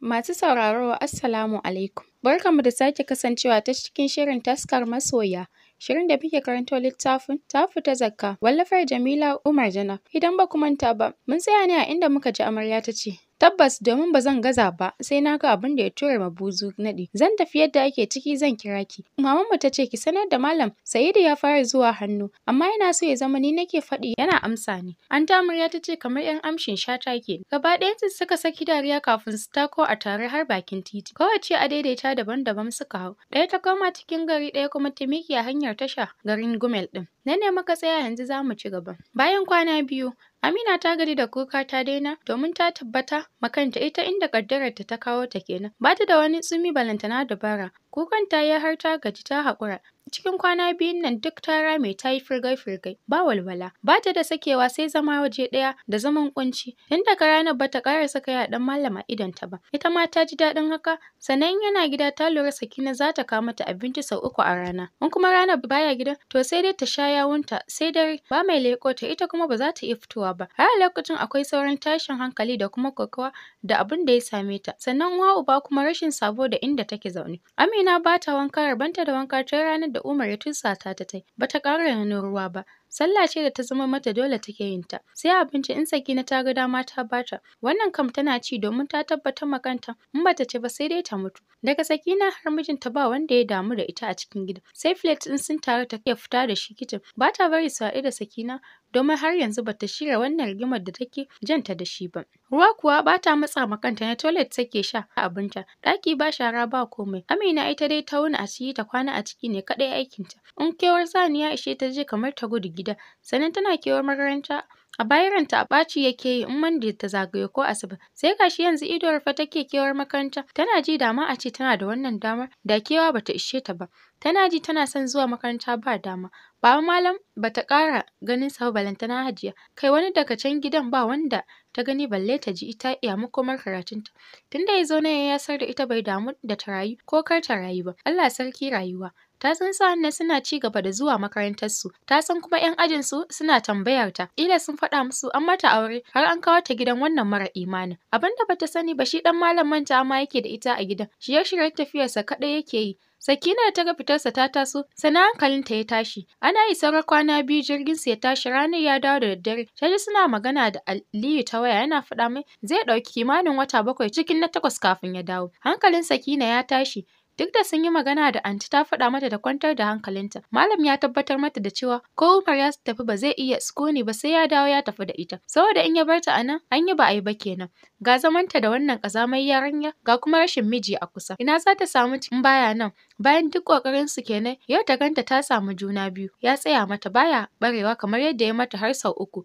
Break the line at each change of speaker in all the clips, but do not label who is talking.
Masu sauraro Assalamu alaikum. Barkanmu da sake kasancewa ta cikin shirin taskar masoya. Shirin da muke karanto littafin ta fita zakka wallafar Jamila Umar Jana. Idan ba ku manta ba, mun tsaya ne a inda muka ji amarya ta ce, Tabbas domin ba zan gaza ba sai na ga abin da ya tura ma buzu naɗi. Zan tafi yadda ake ciki zan kira ki. Mamanmu ta ce ki sanar da malam Sa'idu ya fara zuwa hannu amma yana so ya zama ni nake faɗi yana amsa ni. An tamurya ta ce kamar 'yan amshin shata ke. Gaba su suka saki dariya kafin su tako a tare har bakin titi. Kowace a daidaita daban-daban suka hau. Ɗaya ta koma cikin gari ɗaya kuma ta miƙe hanyar tasha garin Gumel ɗin. Na ne muka tsaya yanzu za mu ci gaba. Bayan kwana biyu, Amina ta gaji da kuka ta daina domin ta tabbata ma makanta ita inda ƙaddararta ta kawo ta kenan. Ba ta da wani tsumi balantana dabara. Kukan ta yi har ta gaji ta haƙura. Cikin kwana biyun nan duk ta rame ta yi firgai-firgai, ba walwala, ba ta da sakewa sai zama waje ɗaya da zaman kunci. Tun daga ranar ba ta ƙara saka yaɗan malama idan ta ba. Ita ma ta ji daɗin haka, sannan yana gida ta lura Sakina za ta kawo mata abinci sau uku a rana. In kuma ranar baya gida, to sai dai ta sha yawunta sai dare ba mai leƙo ta ita kuma ba za ta iya fitowa ba. Har a lokacin akwai sauran tashin hankali da kuma kokawa da abin da ya same ta. Sannan wa uba kuma rashin sabo da inda take zaune. Amina ba ta wanka rabanta da wanka ta ranar da Umar ya tusa ta ta tai, ba ta ƙara ganin ruwa ba, Sallah ce da ta zama mata dole take yin ta. Sai abinci in saki na ta ga dama ta bata. Wannan kam tana ci domin ta tabbatar ma kanta in bata ci ba sai dai ta mutu. Daga Sakina har mijinta ba wanda ya damu da ita a cikin gida. Sai plate din sun taru ta iya fita da shi kitchen. Ba ta bari su haɗu da Sakina domin har yanzu ba ta shirya wannan rigimar da take janta da shi ba. Ruwa kuwa ba ta matsa ma kanta na toilet take sha a abinta. Ɗaki ba shara ba komai. Amina ita dai ta wuni a ciki ta kwana a ciki ne kaɗai aikinta. In kewar saniya ishe ta je kamar ta gudu gida sannan tana kewar makaranta a bayan ranta a ɓaci yake yi in Monday ta zagaye ko Asabar sai gashi yanzu ido fa take kewar makaranta tana ji dama a ce tana da wannan damar da kewa bata ishe ta ba tana ji tana son zuwa makaranta ba dama baba malam bata ƙara ganin sa balantana hajiya kai wani daga can gidan ba wanda ta gani balle ta ji ita iya makomar karatunta tunda ya zo nan ya yasar da ita bai damu da ta rayu ko kar ta rayu ba Allah sarki rayuwa ta san sa'an suna ci gaba da zuwa makarantarsu, ta san kuma 'yan ajinsu suna tambayar ta, ila sun faɗa musu an mata aure har an kawo ta gidan wannan mara imanin. Abin da bata sani ba shi ɗan malam manta ma yake da ita a gidan, shi ya shirya tafiyarsa kaɗai yake yi. Sakina ta ga fitarsa ta taso, hankalin ta ya tashi. Ana yi isar kwana biyu jirgin sa ya tashi ranar ya dawo da daddare. Ta ji suna magana da Aliyu ta waya yana faɗa mai zai ɗauki kimanin wata bakwai cikin na takwas kafin ya dawo. Hankalin Sakina ya tashi, Duk da sun yi magana da anti ta faɗa mata da kwantar da hankalinta. Malam ya tabbatar mata da cewa ko Umar ya tafi ba zai iya ne ba sai ya dawo ya tafi da ita. Saboda in ya bar ta a nan an yi ba a yi ba kenan. Ga zamanta da wannan kazamai yarinya ga kuma rashin miji a kusa. Ina za ta samu in baya nan? Bayan duk su kenan yau ta ganta ta samu juna biyu ya tsaya mata baya barewa kamar yadda ya mata har sau uku.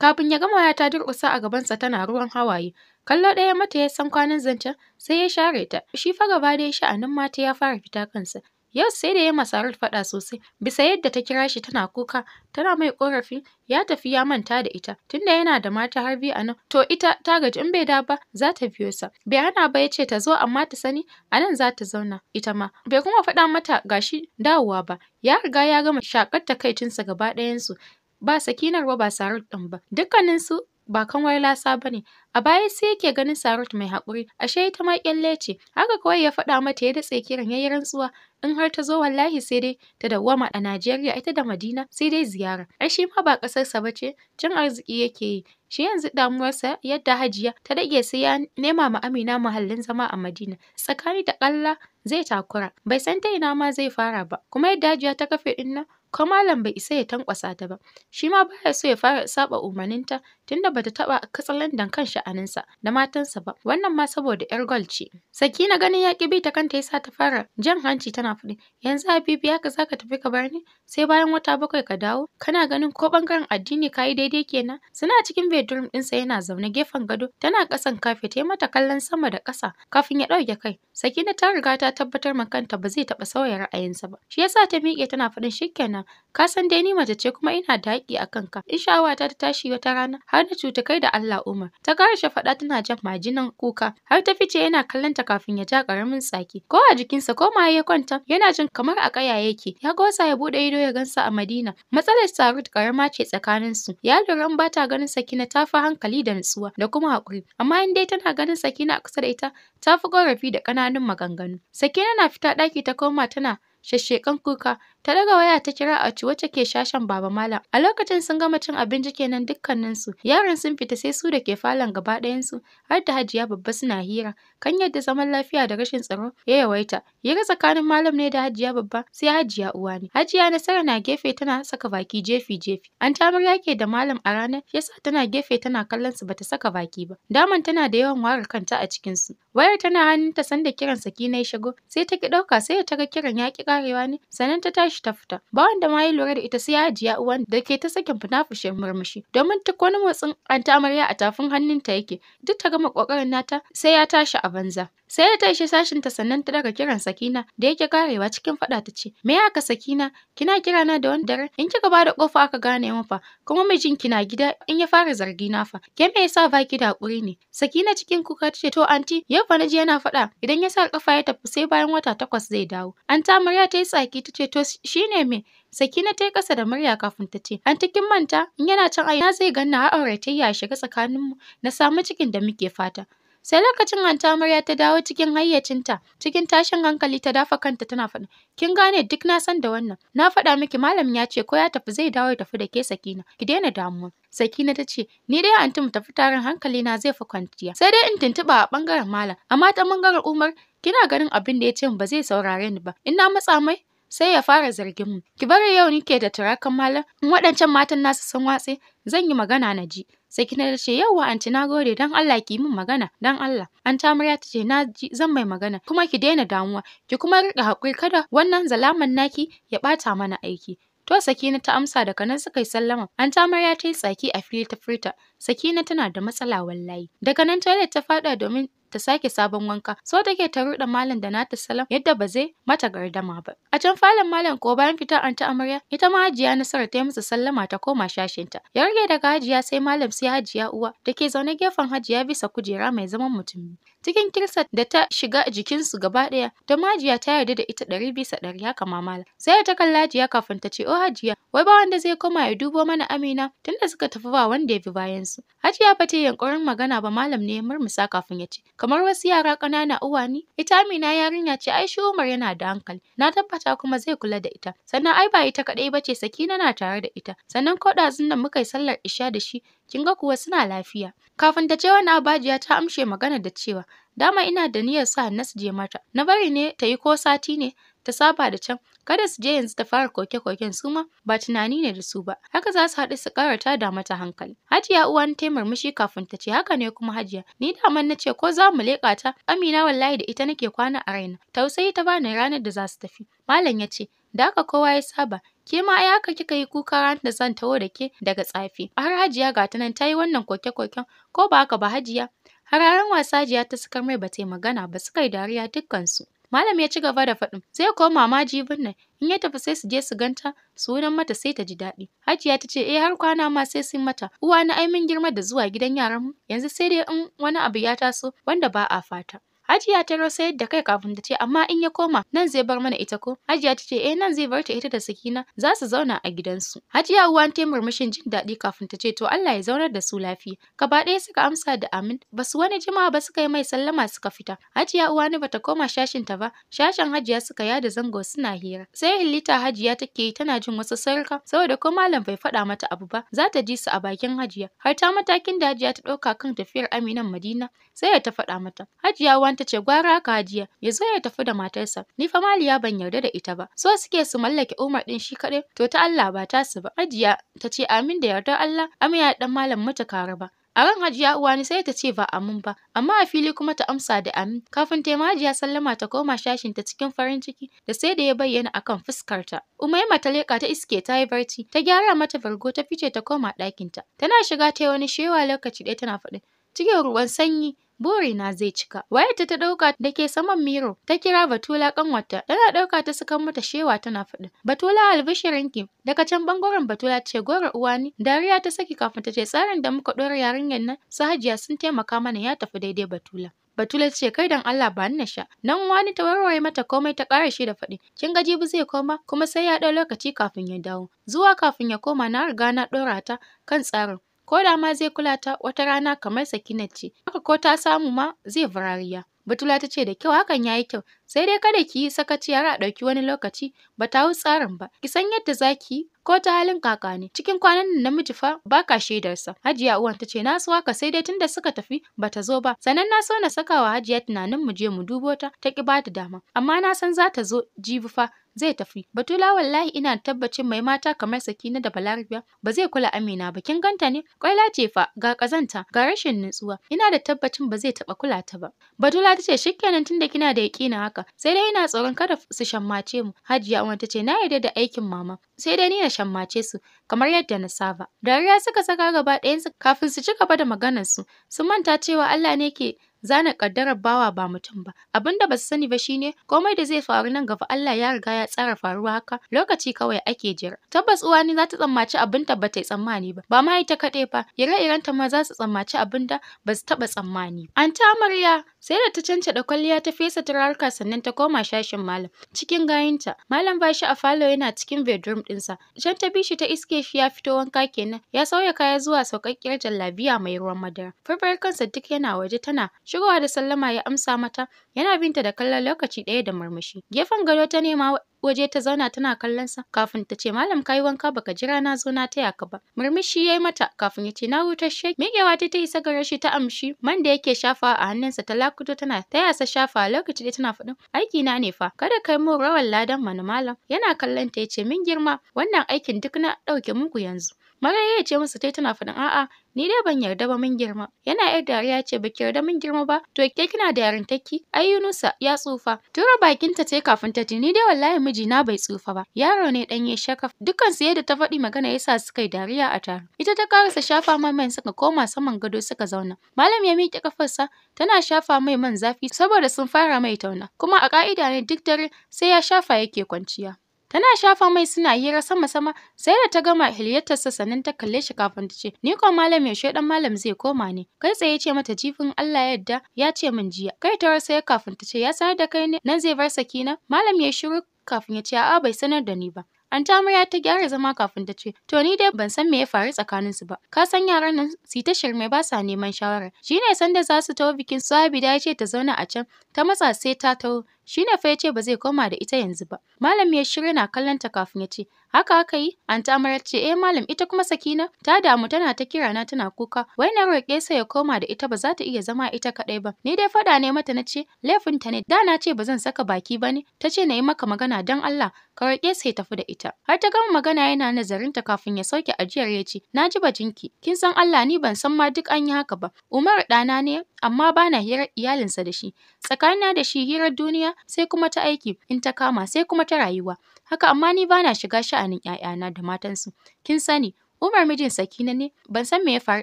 Kafin ya gama ya ta durƙusa a gabansa tana ruwan hawaye. Kallo ɗaya mata ya san kwanan zancen sai ya share ta, shi fa gaba da ya ɗaya anan mata ya fara fita kansa. Yau sai da ya Masarut faɗa sosai, bisa yadda ta kira shi tana kuka, tana mai ƙorafi, ya tafi ya manta da ita, tunda yana da mata har biyu anan to ita ta gaji in bai da ba za ta biyo sa. Bai hana ba ya ce ta zo amma ta sani a nan za ta zauna ita ma. Bai kuma faɗa mata gashi dawowa ba, ya riga ya gama shakar takaicinsa gaba ɗayansu. Ba sakinar ba ba sarut ɗin ba, dukkaninsu ba kamar lasa ba ne. A baya sai yake ganin Sarut mai haƙuri, ashe ita ma ƙyalle ce, haka kawai ya faɗa mata ya datse kiran ya yi rantsuwa, in har ta zo wallahi sai dai ta dawwama a Najeriya ita da Madina sai dai ziyara. Ai shi ma ba ƙasarsa ba ce, cin arziki yake yi. Shi yanzu damuwarsa yadda Hajiya ta dage sai ya nema ma Amina muhallin zama a Madina, tsakani da ƙalla zai takura, bai san ta ina ma zai fara ba, kuma yadda Hajiya ta kafe ɗin nan ko malam bai isa ya tankwasa ta ba shi ma baya so ya fara saba umarninta tunda bata taba katsalandan kan sha'aninsa da matansa ba wannan ma saboda yar gol ce sakina ganin ya bi ta kanta yasa ta fara jan hanci tana fudi yanzu habibi haka zaka tafi ka bar ni sai bayan wata bakwai ka dawo kana ganin ko bangaren addini kayi daidai kenan suna cikin bedroom ɗinsa yana zaune gefen gado tana kasan kafe ta yi mata kallon sama da ƙasa kafin ya ɗauke kai sakina ta riga ta tabbatar ma kanta ba zai taɓa sauya ra'ayinsa ba shi yasa ta miƙe tana faɗin shikenan nan. Ka san dai ni mace ce kuma ina da haƙƙi a kanka. In sha'awata ta tashi wata rana har na cuta kai da Allah Umar. Ta karshe faɗa tana jan majinan kuka har ta fice yana kallon ta kafin ya ja ƙaramin tsaki. Ko a jikinsa ko ma ya kwanta yana jin kamar a ƙaya yake. Ya gosa ya buɗe ido ya gansa a Madina. Matsalar Sarut ƙarama ce tsakaninsu. Ya lura in ba ta ganin Sakina ta fi hankali da nutsuwa da kuma haƙuri. Amma in dai tana ganin Sakina a kusa da ita ta fi ƙorafi da ƙananun maganganu. Sakina na fita ɗaki ta koma tana shashshekan kuka. Ta daga waya ta kira a wacce ke shashan Baba Malam. A lokacin sun gama cin abinci kenan su Yaran sun fita sai su da ke falon gaba ɗayansu har da Hajiya babba suna hira. Kan yadda zaman lafiya da rashin tsaro ya yawaita. Hira tsakanin Malam ne da Hajiya babba sai Hajiya uwa ne. Hajiya Nasara na gefe tana saka baki jefi-jefi. An tamar yake da Malam a ranar yasa tana gefe tana kallon su bata saka baki ba. Daman tana da yawan ware kanta a cikin su Wayar tana hannunta sanda kiran Sakina ya shigo sai ta ki ɗauka sai ta ga kiran ya ƙi karewa ne sannan ta tashi ta fita ba wanda ma ya lura da ita sai ya ajiya uwan da ke ta sakin funafushin murmushi domin ta wani motsin an amarya a tafin hannunta yake duk ta gama kokarin nata sai ya tashi a banza sai da ta tashi sashin ta sannan ta daga kiran sakina da yake karewa cikin fada ta ce me aka sakina kina kira na da wanda dare in kika ba da kofa aka gane mu fa kuma mijin kina gida in ya fara zargi na fa ke me yasa ba ki da hakuri ne sakina cikin kuka ta ce to anti yau fa naji yana fada idan ya sa kafa ya tafi sai bayan wata takwas zai dawo an ta amarya ta yi tsaki ta ce to shi ne me? Sakina ta yi ƙasa da murya kafin ta ce, An kin manta, in yana can Na zai ganna har auratayya ya shiga tsakaninmu na samu cikin da muke fata. Sai lokacin Hanta Amarya ta dawo cikin hayyacinta, cikin tashin hankali ta dafa kanta tana faɗa, "Kin gane duk na san da wannan. Na faɗa miki malam ya ce ko ya tafi zai dawo ya tafi da ke Sakina. Ki daina damuwa." Sakina ta ce, "Ni dai anti mu tafi tarin hankali na zai fi kwanciya." Sai dai in tuntuɓa a ɓangaren malam, amma ta ɓangaren Umar, kina ganin abin da ya ce ba zai saurare ni ba. In na matsa mai, sai ya fara zargin mu. Ki bari yau nike da turakan malam, in waɗancan matan nasu sun watse, zan yi magana na ji. Sakina kina ce yauwa anti na gode dan Allah ki min magana dan Allah. an Amarya ta ce na ji zan mai magana kuma ki daina damuwa ki kuma rika hakuri kada wannan zalaman naki ya ɓata mana aiki. To Sakina ta amsa daga nan suka yi sallama. An Amarya ta yi tsaki a fili ta furta. Sakina tana da matsala wallahi. Daga nan toilet ta faɗa domin ta sake sabon wanka so take ta ruɗa malam da nata salam yadda ba zai mata gardama ba a can falon malam ko bayan fitar anta amarya ita ma hajiya nasara ta yi musu sallama ta koma shashinta ya rage daga hajiya sai malam sai hajiya uwa da ke zaune gefen hajiya bisa kujera mai zaman mutum cikin kirsat da ta shiga jikinsu gaba ɗaya don hajiya ta yarda da ita ɗari bisa ɗari haka mamala sai ta kalla hajiya kafin ta ce o oh, hajiya wai ba wanda zai koma ya dubo mana amina tunda suka tafi ba wanda ya bi bayansu hajiya ba ta yankurin magana ba malam ne ya murmusa kafin ya ce kamar wasu yara ƙanana uwa ni ita amina yarinya ce ai shi umar yana da hankali na tabbata kuma zai kula da ita sannan ai ba ita kaɗai ba ce sakina na tare da ita sannan ko ɗazun da muka yi sallar isha da shi kin ga kuwa suna lafiya. Kafin ta ce wani abajiya ta amshe magana da cewa dama ina da niyyar sa na su je mata, na bari ne ta yi ko sati ne ta saba da can, kada su je yanzu ta fara koke-koken su ma ba tunani ne da su ba, haka za su haɗu su ƙara da mata hankali. Hajiya uwan ta murmushi kafin ta ce haka ne kuma hajiya, ni dama na ce ko za mu leƙa ta, Amina wallahi da ita nake kwana a raina, tausayi ta bani ranar da za su tafi. Malam ya ce, da haka kowa ya saba, ke ma ai haka kika yi kuka ran da zan taho da ke daga tsafi har hajiya ga ta nan ta yi wannan koke-koken ko ba haka ba hajiya hararen wasa jiya ta sukar mai ba ta yi magana ba suka yi dariya dukkansu malam ya ci gaba da faɗin zai koma ma jibin nan in ya tafi sai su je su ganta sunan mata sai ta ji daɗi hajiya ta ce eh har kwana ma sai sun mata uwa na ai mun girma da zuwa gidan yaran mu yanzu sai dai in wani abu ya taso wanda ba a fata Hajiya ta rasa yadda kai kafin ta ce amma in ya koma nan zai bar mana ita ko? Hajiya ta ce eh nan zai bar ta ita da Sakina za su zauna a gidansu. Hajiya uwa ta murmushin jin daɗi kafin ta ce to Allah ya zaunar da su lafiya. Gaba ɗaya suka amsa da amin basu wani jimawa ba suka yi mai sallama suka fita. Hajiya uwa ni bata koma shashin ta ba shashin Hajiya suka yada zango suna hira. Sai Hillita Hajiya take yi tana jin wasu sarka saboda ko malam bai faɗa mata abu ba za ta ji su a bakin Hajiya har ta matakin da Hajiya ta ɗauka kan tafiyar Aminan Madina sai ta faɗa mata. Hajiya uwa ta ce gwara haka hajiya ya zo ya tafi da matarsa ni fa maliya ban yarda da ita ba so suke su mallake umar din shi kaɗai to ta Allah ba ta su ba hajiya ta ce amin da yarda Allah amiya dan malam mata kare ba A ran Hajiya uwani sai ta ce ba amin ba, amma a fili kuma ta amsa da amin. Kafin ta Hajiya sallama ta koma shashin ta cikin farin ciki da sai da ya bayyana akan fuskar ta. Umaima ta leka ta iske ta yi barci, ta gyara mata bargo ta fice ta koma ɗakinta. Tana shiga ta wani shewa lokaci ɗaya tana faɗin. Cikin ruwan sanyi, burina zai cika. Wayarta ta ɗauka da ke saman miro ta kira Batula kanwata. tana ɗauka ta sukan mata shewa tana faɗin. Batula albishirinki daga can ɓangaren Batula ce gora uwa ni dariya ta saki kafin ta ce tsarin da muka ɗora yarinyar nan su hajiya sun taimaka mana ya tafi daidai Batula. Batula ce kai dan Allah ba na sha. Nan wani ta warware mata komai ta ƙara shi da faɗi. Kin gaji jibi zai koma kuma sai ya ɗau lokaci kafin ya dawo. Zuwa kafin ya koma na riga na ɗora ta kan tsarin. ko da ma zai kula ta wata rana kamar sakina ce haka ko ta samu ma zai farariya Batula ta ce da kyau hakan yayi kyau, sai dai kada ki yi sakaci yara a ɗauki wani lokaci ba ta tsarin ba. Ki san yadda za ki yi ko ta halin kaka ne. Cikin kwanan nan namiji fa ba ka shaidarsa. Hajiya uwan ta ce na so haka sai dai tunda suka tafi ba ta zo ba. Sannan na so na saka wa Hajiya tunanin mu je mu dubo ta ta ki ba dama. Amma na san za ta zo jibi fa zai tafi. Batula wallahi ina tabbacin mai mata kamar Sakina da Balarabiya ba zai kula Amina ba kin ganta ne? Kwaila ce fa ga kazanta ga rashin nutsuwa. Ina da tabbacin ba zai taba kula ta ba. Batula tace ce shikenan tunda kina da yakinin haka sai dai ina tsoron kada su shammace mu. Hajiya Umar tace na yarda da aikin mama sai dai ni na shammace su kamar yadda na saba. Dariya suka saka gaba ɗayansu kafin su ci gaba da maganar su. Sun manta cewa Allah ne ke zana kaddarar bawa ba mutum ba abinda su sani ba shine komai da zai faru nan gaba Allah ya riga ya tsara faruwa haka lokaci kawai ake jira tabbas uwa ne za ta tsammaci abin da bata tsammani ba ba ma ita kaɗai fa ire-iren ta ma za su tsammaci abin da su taɓa tsammani an ta amarya sai da ta cancada kwalliya ta fesa turarka sannan ta koma shashin malam cikin gayinta malam bashi a falo yana cikin bedroom ɗinsa can ta bi shi ta iske shi ya fito wanka kenan ya sauya kaya zuwa sauƙaƙƙiyar jallabiya mai ruwan madara farfar kansa duk yana waje tana Shigowa da sallama ya amsa mata, yana binta da kallon lokaci ɗaya da murmushi. Gefen gado ta nema waje ta zauna tana kallon sa kafin ta ce malam kai wanka baka jira na zo na taya ka ba. Murmushi yayi mata kafin ya ce na hutar shi Miƙewa ta ta isa gare shi ta amshi man da yake shafa a hannunsa ta lakuto tana taya sa shafa lokaci ɗaya tana faɗin aiki na ne fa kada kai mu rawan ladan mana malam. Yana kallon ta ya ce min girma wannan aikin duk na ɗauke muku yanzu. ya ce masa tai tana faɗin a'a ni dai ban yarda ba mun girma. Yana yar dariya ce baki yarda mun girma ba to ke kina da yarintakki ai Yunusa ya tsufa. Tura ta tai kafin ta ji ni dai wallahi mijina bai tsufa ba. Yaro ne ɗanye shakaf. Dukkan su yadda ta faɗi magana yasa suka yi dariya a taro. Ita ta karasa shafa mai suka koma saman gado suka zauna. Malam ya miƙe kafarsa tana shafa mai man zafi saboda sun fara mai tauna. Kuma a ka'ida ne duk dare sai ya shafa yake kwanciya. Tana shafa mai suna hira sama-sama sai da ta gama sa sannan ta kalle shi kafin ta ce, Ni ko malam yaushe dan malam zai koma ne. Kai tsaye ce mata jifin Allah ya yarda ya ce min jiya. Kai ta rasa kafin ta ce, Ya sanar da kai ne nan zai bar sakina? Malam ya shiru kafin ya ce, A'a bai sanar da ni ba. an Anta amarya ta gyara zama kafin ta ce, To ni dai ban san me ya faru tsakanin su ba. Ka san yaran nan su ta shirme ba sa neman shawara. Shi ne sanda za su taho bikin su da ya ce ta zauna a can, ta matsa sai ta taho. Shi ne fa ya ce ba zai koma da ita yanzu ba. Malam ya shirya na kallon ta kafin ya ce, haka aka yi? Anta Amara ce, eh malam ita kuma Sakina ta damu tana ta kira na tana kuka. Wai na roƙe sa ya koma da ita ba za ta iya zama ita kaɗai ba. Ni dai faɗa ne mata na ce, laifin ta ne. Da na ce ba zan saka baki ba ne. Ta ce na yi maka magana don Allah ka roƙe sa ya tafi da ita. Har ta gama magana yana nazarin ta kafin ya sauke ajiyar ya ce, na ji bajinki. Kin san Allah ni ban san ma duk an yi haka ba. Umar ɗana ne amma ba na hirar iyalinsa da shi. Tsakanina da shi hirar duniya sai kuma ta aiki in ta kama sai kuma ta rayuwa. Haka amma ni ba na shiga sha'anin ‘ya'yana da matansu. Kin sani Umar mijin Sakina ne ban san me ya faru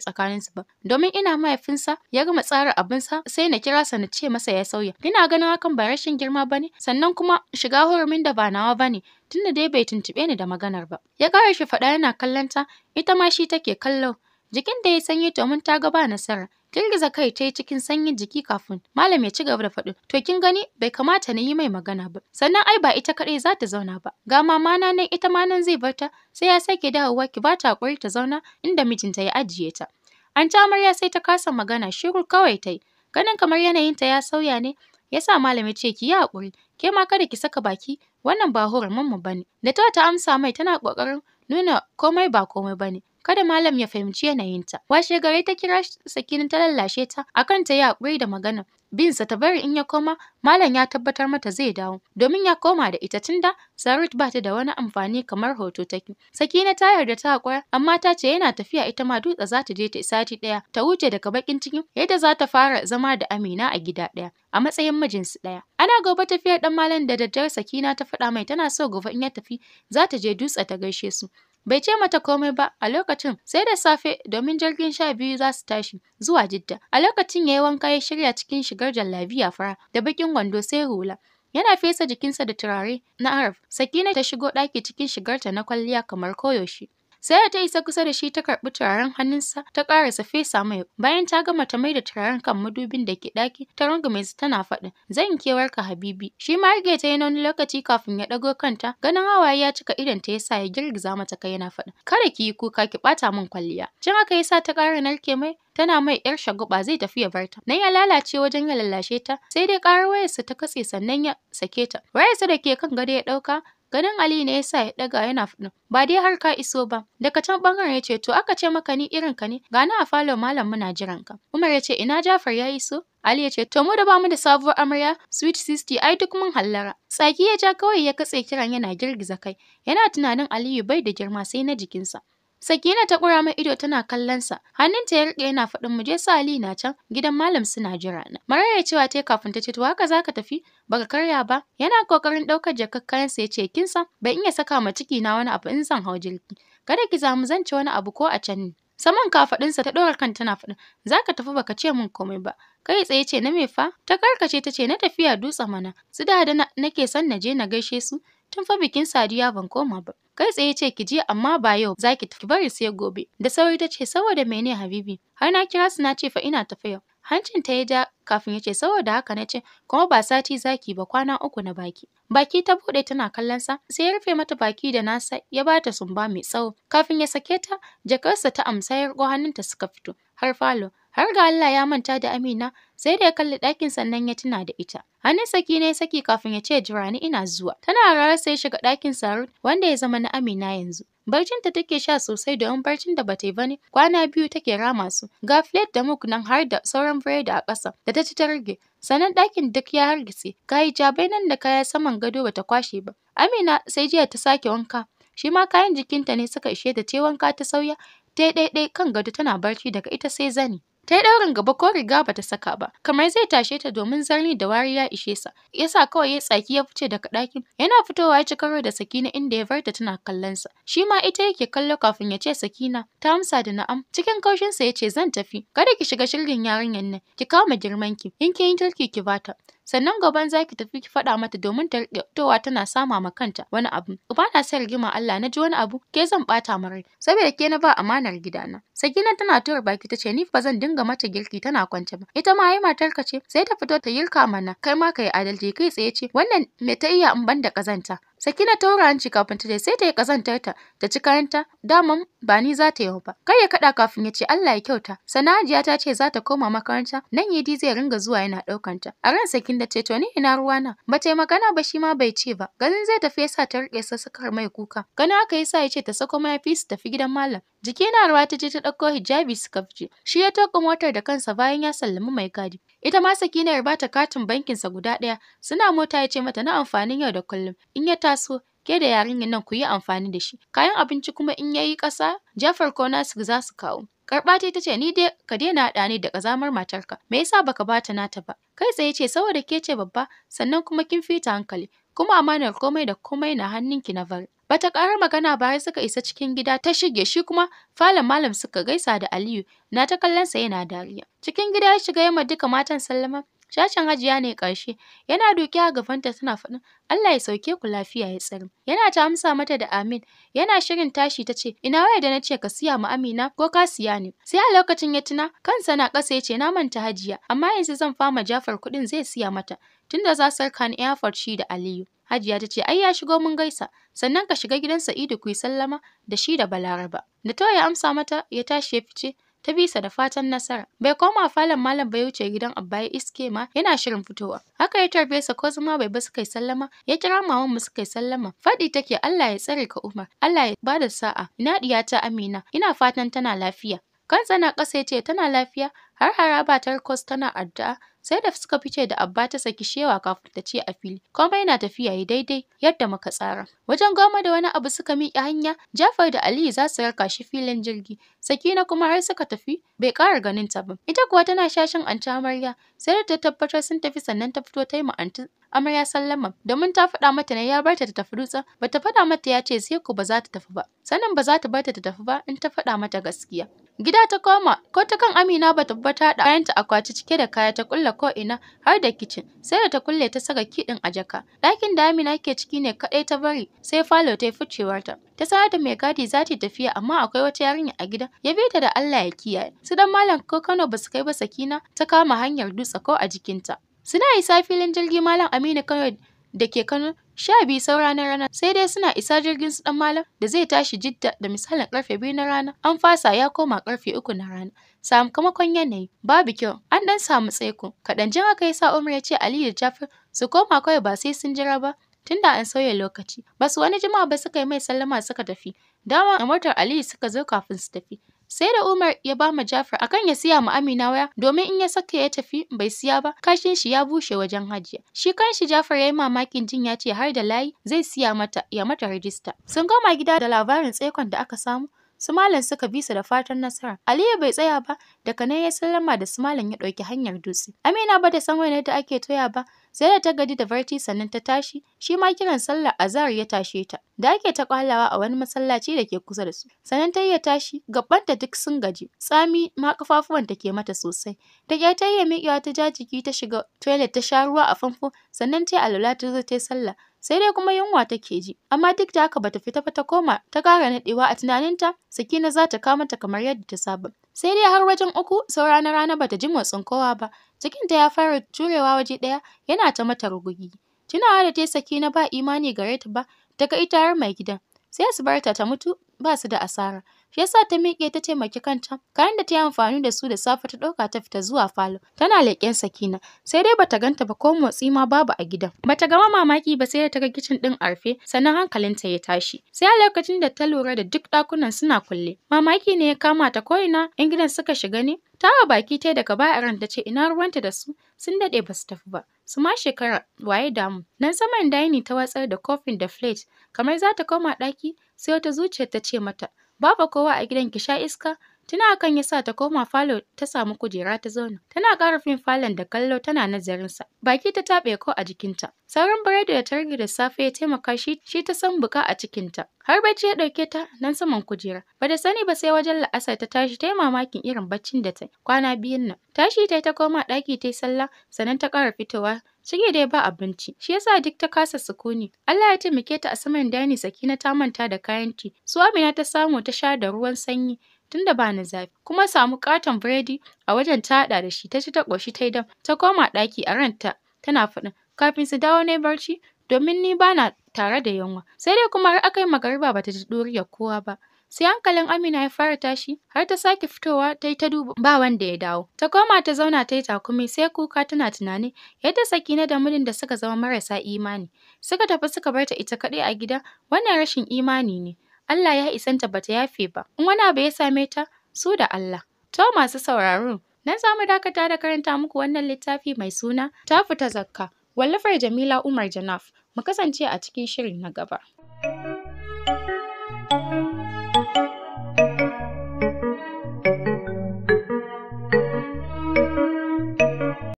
tsakaninsu ba domin ina mahaifinsa ya gama tsara abinsa sai na kira sa na ce masa ya sauya ina ganin hakan ba rashin girma bane sannan kuma shiga hurumin da ba nawa ba bane tunda dai bai tuntube ni da maganar ba ya ƙara shi faɗa yana kallon ita ma shi take kallo jikin da ya sanyi domin ta ga ba nasara Girgiza kai ta yi cikin sanyin jiki kafin malam ya ci gaba da faɗin to kin gani bai kamata na yi mai magana ba sannan ai ba ita kaɗai za ta zauna ba ga mama na nan ita ma nan zai bar ta sai ya sake dawowa ki ba ta hakuri ta zauna inda mijinta ya ajiye ta. An ta amarya sai ta kasa magana shiru kawai ta yi ganin kamar yanayinta ya sauya ne ya sa malam ya ce ki yi haƙuri ke ma kada ki saka baki wannan ba horon mu bane da ta ta amsa mai tana ƙoƙarin nuna komai ba komai bane kada malam ya fahimci yanayinta. Washe gare ta kira Sakina ta lallashe ta akan ta yi haƙuri da magana. Binsa ta bari in ya koma, malam ya tabbatar mata zai dawo, domin ya koma da ita tunda Sarut ba ta da wani amfani kamar hoto take. Sakina ta yarda ta haƙura, amma ta ce yana tafiya ita ma dutsa. za ta je ta isa sati ɗaya, ta wuce daga bakin cikin yadda za ta fara zama da Amina a gida ɗaya, a matsayin mijinsu ɗaya. Ana gobe tafiyar ɗan malam da daddare Sakina ta faɗa mai tana so gobe in ya tafi za ta je dutsa ta gaishe su. Bai ce mata komai ba a lokacin sai da safe domin jirgin sha biyu za su tashi zuwa Jidda. A lokacin ya yi wanka ya shirya cikin shigar jallabiya fara da bakin wando sai hula. Yana fesa jikinsa da turare na Arab. Sakina ta shigo ɗaki cikin shigarta na kwalliya kamar koyaushe. Sai ta isa kusa da shi ta karɓi turaren hannunsa ta ƙarasa fesa mai. Bayan ta gama ta da turaren kan madubin da ke ɗaki ta mai su tana faɗin zan kewar ka Habibi. Shi ma rige ta yi wani lokaci kafin ya ɗago kanta ganin hawaye ya cika idon ta yasa ya girgiza mata kai yana faɗin kada ki yi kuka ki ɓata min kwalliya. can haka yasa ta ƙara narke mai tana mai yar shaguba zai tafi ya barta. Nan ya lalace wajen ya lallashe ta sai dai ƙarar wayarsa ta katse sannan ya sake ta. Wayarsa da ke kan gado ya ɗauka Ganin Ali ne ya ya ɗaga yana faɗo. ba dai har ka iso ba. Daga can ɓangaren yace to aka ce maka ni irin ka ne na a falon malam muna jiran ka. Umar ya ce ina Jafar ya iso? Ali ya ce to mu da bamu da sabuwar amarya sweet sister ai duk mun hallara. Tsaki ya ja kawai ya katse kiran yana girgiza kai. Yana tunanin Aliyu bai da girma sai na jikinsa. Sakina ta ƙura mai ido tana kallonsa, hannunta ya riƙe yana faɗin mu je su Ali na can gidan malam suna jira na. ya cewa ta kafin ta ce to haka zaka tafi baka karya ba yana kokarin ɗaukar jakar kayansa ya ce kin san ban iya saka ma ciki na wani abu in san hau jirgi. Kada ki zamu zan ci wani abu ko a can ne. Saman kafaɗinsa ta ɗora kan tana faɗin zaka tafi baka ce min komai ba. kai tsaye ce na me fa ta karkace ta ce na tafiya dutse mana su da da nake son na je na gaishe su tun fa bikin sadiya ban koma ba kai tsaye ce ki je amma ba yau za ki tafi bari sai gobe da sauri ta ce saboda mene habibi har na kira su na ce fa ina tafi yau hancin ta ya ja kafin ya ce saboda haka na ce kuma ba sati zaki ba kwana uku na baki baki ta bude tana kallon sa sai ya rufe mata baki da nasa ya bata sumba mai tsawo kafin ya sake ta jakarsa ta amsa ya hannunta suka fito har falo har ga Allah ya manta da Amina sai da ya kalli ɗakin sannan ya tuna da ita. Hannun saki ne saki kafin ya ce jira ni ina zuwa. Tana rarar sai shiga ɗakin Sarut wanda ya zama na Amina yanzu. Barcin ta take sha sosai domin barcin da bata yi bane kwana biyu take rama su. Ga flat da muk nan har da sauran biredi a ƙasa da ta ci ta rage. Sannan ɗakin duk ya hargitse, ga hijabai nan da kaya saman gado bata kwashe ba. Amina sai jiya ta sake wanka, shi ma kayan jikinta ne suka ishe da ce wanka ta sauya, ta ɗaiɗai kan gado tana barci daga ita sai zani. ta yi ɗaurin gaba ko riga ba ta saka ba kamar zai tashe ta domin zarni da wari ya ishe sa yasa kawai ya tsaki ya fice daga ɗakin yana fitowa ya ci karo da sakina inda ya barta tana kallon sa shi ma ita yake kallo kafin ya ce sakina ta amsa da na'am cikin kaushin sa ce zan tafi kada ki shiga shirin yarinyar nan ki kama girman ki in kin kirki ki bata sannan gaban zaki tafi ki faɗa mata domin ta riƙe fitowa tana sama ma kanta wani abu uba na sa rigima Allah na ji wani abu ke zan ɓata ma rai saboda ke na ba amanar gidana Sakina tana tura baki ta ce ni ba zan dinga mata girki tana kwance ba ita ma ai matarka ce sai ta fito ta yirka mana kai ma kai adalci kai tsaye ce wannan me ta iya in ban da kazanta Saki Sakina taura hanci kafin ta je sai ta yi kazantar ta ta ci karanta, daman ba ni za ta yau ba. Kai ya kaɗa kafin ya ce Allah ya kyauta. Sana'a Hajiya ta ce za ta koma makaranta nan Yidi zai ringa zuwa yana ɗaukan ta. A ran sakin da ce to ni ina ruwa na. Ba ta yi magana ba shi ma bai ce ba. Ganin zai tafi yasa ta riƙe sassakar mai kuka. Gani aka yi sa ya ce ta sako mayafi su tafi gidan malam. Jiki yana rawa ta je ta ɗauko hijabi suka fice. Shi ya toka motar da kansa bayan ya sallami mai gadi. Ita ma Sakina ya bata katin bankinsa guda ɗaya. Suna mota ya ce mata na amfanin yau da kullum. In ya taso ke da yarinyar nan ku yi amfani da shi. Kayan abinci kuma in yayi ƙasa Jafar ko Nasir za su kawo. Karɓa ta ce ni dai ka daina haɗa ni da ƙazamar matarka. Me yasa baka bata nata ba? Kai tsaye ce saboda ke ce babba sannan kuma kin fita hankali. kuma amanar komai da komai na hannunki na bari Bata ƙara magana ba har suka isa cikin gida ta shige shi kuma falon malam suka gaisa da Aliyu na ta kallonsa yana dariya. Cikin gida ya shiga yamma duka matan sallama Shashin Hajiya ne ƙarshe, yana duke a gabanta tana faɗin Allah ya sauke ku lafiya ya tsare. Yana ta amsa mata da amin, yana shirin tashi ta ce, ina waya da na ce ka siya ma Amina ko ka siya ni Sai a lokacin ya tuna, kansa na ƙasa ya ce na manta Hajiya, amma yanzu zan fama Jafar kuɗin zai siya mata. Tunda za su kan Air shi da Aliyu. Hajiya ta ce, ai ya shigo mun gaisa, sannan ka shiga gidan Sa'idu ku yi sallama da shi da Balaraba. Da ta ya amsa mata ya tashi ya fice, ta bisa da fatan nasara. Bai koma falon malam bai wuce gidan Abba iske ma yana shirin fitowa. Haka ya tarbe sa ko zama bai ba su kai sallama, ya kira maman mu suka yi sallama. Faɗi take Allah ya tsare ka Umar, Allah ya bada sa'a. Ina ta Amina, ina fatan tana lafiya. Kan tsana ƙasa ya ce tana lafiya, har haraba kos tana addu'a sai da suka fice da Abba ta saki shewa kafin ta ce a fili komai na tafiya yi daidai yadda muka tsara. Wajen goma da wani abu suka miƙe hanya Jafar da Aliyu za su raka shi filin jirgi Sakina kuma har suka tafi bai kara ganin ta ba. Ita kuwa tana shashin anti amarya sai da ta tabbatar sun tafi sannan ta fito ta yi ma anti amarya sallama domin ta faɗa mata ne ya bar ta ta tafi dutsen ta faɗa mata ya ce sai ku ba za ta tafi ba sannan ba za ta bar ta tafi ba in ta faɗa mata gaskiya. Gida ta koma, ko ta kan Amina ba ta da kayanta akwati cike da kaya ta kulle ko ina har da kicin, sai da ta kulle ta saka kidin a jaka. Ɗakin da Amina ke ciki ne kaɗai ta bari, sai falo ta yi ficewar Ta Ta sanar da mai gadi za ta tafiya amma akwai wata yarinya a gidan, ya bi ta da Allah ya kiyaye. Su dan mallam ko Kano ba su kai ba sakina ta kama hanyar dutse ko a jikinta. Suna isa filin jirgi mallam Aminu Kano da ke Kano sha biyu sauran rana sai dai suna isa jirgin su dan malam da zai tashi jidda da misalin karfe biyu na rana an fasa ya koma karfe uku na rana sakamakon yanayi babu kyau an dan samu tsaiko kaɗan jin yi sa umar ya ce aliyu jafar su koma kawai ba sai sun jira ba tunda an sauya lokaci basu wani jima'a ba suka yi mai sallama suka tafi dama a motar aliyu suka zo kafin su tafi sai da Umar ya ba ma Jafar akan ya siya ma Amina waya domin in ya saka ya tafi bai siya ba kashin shi ya bushe wajen hajiya. Shi kanshi Jafar ya yi mamakin jin ya ce har da layi zai siya mata ya mata rajista. Sun gama gida da labarin tsaikon da aka samu su suka bi su da fatan nasara. Aliyu bai tsaya ba, daga nan ya sallama da su malam ya ɗauki hanyar dutse. Amina ba ta san wani da ake toya ba, Sai da ta gaji da barci sannan ta tashi, shi ma kiran sallar azhar ya tashe ta. Da ake ta kwalawa a wani masallaci da ke kusa da su. Sannan ta iya tashi, ta duk sun gaji, tsami ma kafafuwan ta ke mata sosai. Ta ƙyar ta iya miƙewa ta ja jiki ta shiga toilet ta sha ruwa a famfo, sannan ta yi alwala ta zo ta yi sallah. sai dai kuma yunwa take ji. Amma duk da haka bata fita ba ta koma ta kara naɗewa a tunaninta Sakina za ta kawo mata kamar yadda ta saba. Sai dai har wajen uku saura na rana bata ji motsin kowa ba. Cikinta ya fara turewa waje ɗaya yana ta mata rugugi. Tunawa da ta saki na ba imani gare ta ba ta ga ita har mai gidan. Sai su bar ta ta mutu ba su da asara. Shi yasa ta miƙe ta taimaki kanta. Kayan da ta yi amfani da su da safe ta ɗauka ta fita zuwa falo. Tana leƙen Sakina. Sai dai bata ganta ba ko motsi ma babu a gidan. Bata gama mamaki ba sai da ta ga kicin ɗin arfe, sannan hankalinta ya tashi. Sai a lokacin da ta lura da duk ɗakunan suna kulle. Mamaki ne ya kama ta ina in gidan suka shiga ne. Tawa baki ta daga baya ran ta ce ina ruwanta da su sun daɗe ba su tafi ba. Su ma shekara waye damu. Nan saman daini ta watsar da kofin da plate kamar za ta koma ɗaki sai wata zuciyar ta ce mata Baba kowa a gidan ki sha iska. Tuna hakan yasa ta koma falo ta samu kujera ta zauna. Tana ƙara fin falon da kallo tana nazarin sa. Baki ta taɓe ko a jikinta. Sauran biredi da ta rage da safe ya taimaka shi, shi ta san buka a cikinta. Har bacci ya ɗauke ta nan saman kujera. Ba da sani ba sai wajen la'asar ta tashi ta yi mamakin irin baccin da ta kwana biyun nan. Tashi ta yi ta koma ɗaki ta yi sallah sannan ta ƙara fitowa Cike dai ba abinci, shi yasa duk ta kasa sukuni. Allah ya taimake ta a saman dani Sakina ta manta da kayan ci. Su Amina ta samu ta sha da ruwan sanyi tunda ba ni zafi. Kuma samu katon biredi a wajen ta haɗa da shi, ta ci ta ƙoshi ta yi dam, ta koma ɗaki a ranta tana faɗin. Kafin su dawo na barci domin ni ba na tare da yunwa. Sai dai kuma har aka yi magariba ba ta ji ɗuriyar kowa ba. Sai hankalin Amina ya fara tashi har ta sake fitowa ta yi ta duba ba wanda ya dawo. Ta koma ta zauna ta yi takumi sai kuka tana tunani yadda Sakina da mudin da suka zama marasa imani. Suka tafi suka bar ta ita kaɗai a gida wannan rashin imani ne. Allah ya isanta bata yafe ba. In wani abu ya same ta su da Allah. To masu sauraro nan za mu dakata da karanta muku wannan littafi mai suna ta fita zakka. Wallafar Jamila Umar Janaf. Mu kasance a cikin shirin na gaba.